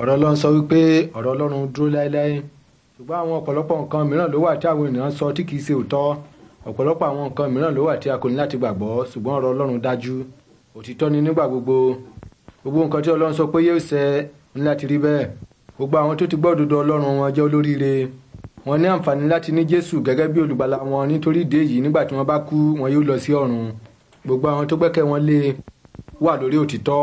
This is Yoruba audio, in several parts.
ọ̀rọ̀ ọlọ́run sọ wípé ọ̀rọ̀ ọlọ́run dúró láéláé ṣùgbọ́n àwọn ọ̀pọ̀lọpọ̀ nǹkan mìíràn ló wà tí àwọn ènìyàn sọ tí kìí ṣe òótọ́ ọ̀pọ̀lọpọ̀ àwọn nǹkan mìíràn ló wà tí a kò ní láti gbàgbọ́ ṣùgbọ́n ọ̀rọ̀ ọlọ́run dájú òtítọ́ ni nígbà gbogbo gbogbo nǹkan tí ọlọ́run sọ pé yóò ṣẹ ní láti rí bẹ́ẹ̀ gbogbo àwọn tó ti gbọ́ òdodo ọlọ́run wọn jẹ́ olóríire wọn ní àǹfààní láti ní jésù gẹ́gẹ́ bí olùgbàlà wọn nítorí ìdí èyí nígbà tí wọ́n bá kú wọn yóò lọ sí ọ̀run gbogbo àwọn tó gbẹ́kẹ̀ wọn lé wà lórí òtítọ́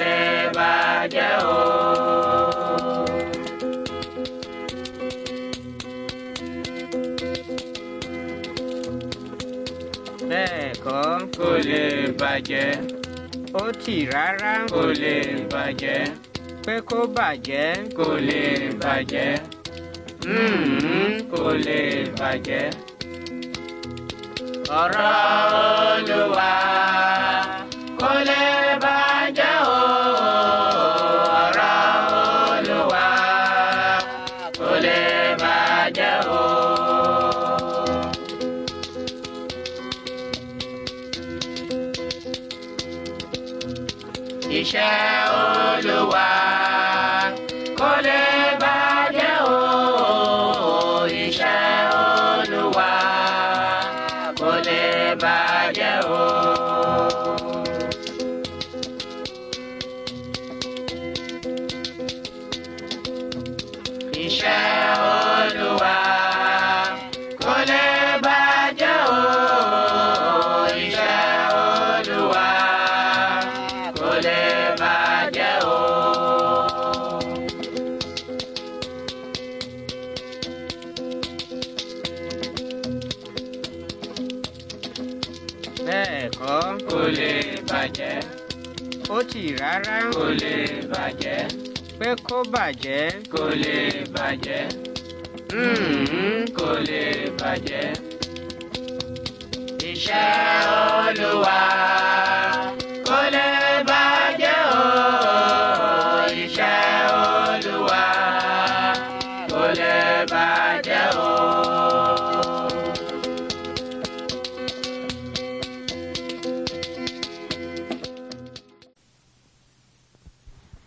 lè bàjẹ́ o. bẹ́ẹ̀ kọ́ kò lè bàjẹ́ ó tì rárá kò lè bàjẹ́ pé kó bàjẹ́ kò lè bàjẹ́ hmm, kò lè bàjẹ́ ọ̀rọ̀ Olúwa. iṣẹ́ Olúwa kó lè bàjẹ́ o iṣẹ́ Olúwa kó lè bàjẹ́ o. bẹ́ẹ̀ kọ́ kò lè bàjẹ́ ó tì rárá kò lè bàjẹ́ pé kó bàjẹ́ kò lè bàjẹ́ hmm. kò lè bàjẹ́ iṣẹ́ Olúwa kò lè bàjẹ́ o iṣẹ́ Olúwa kò lè bàjẹ́.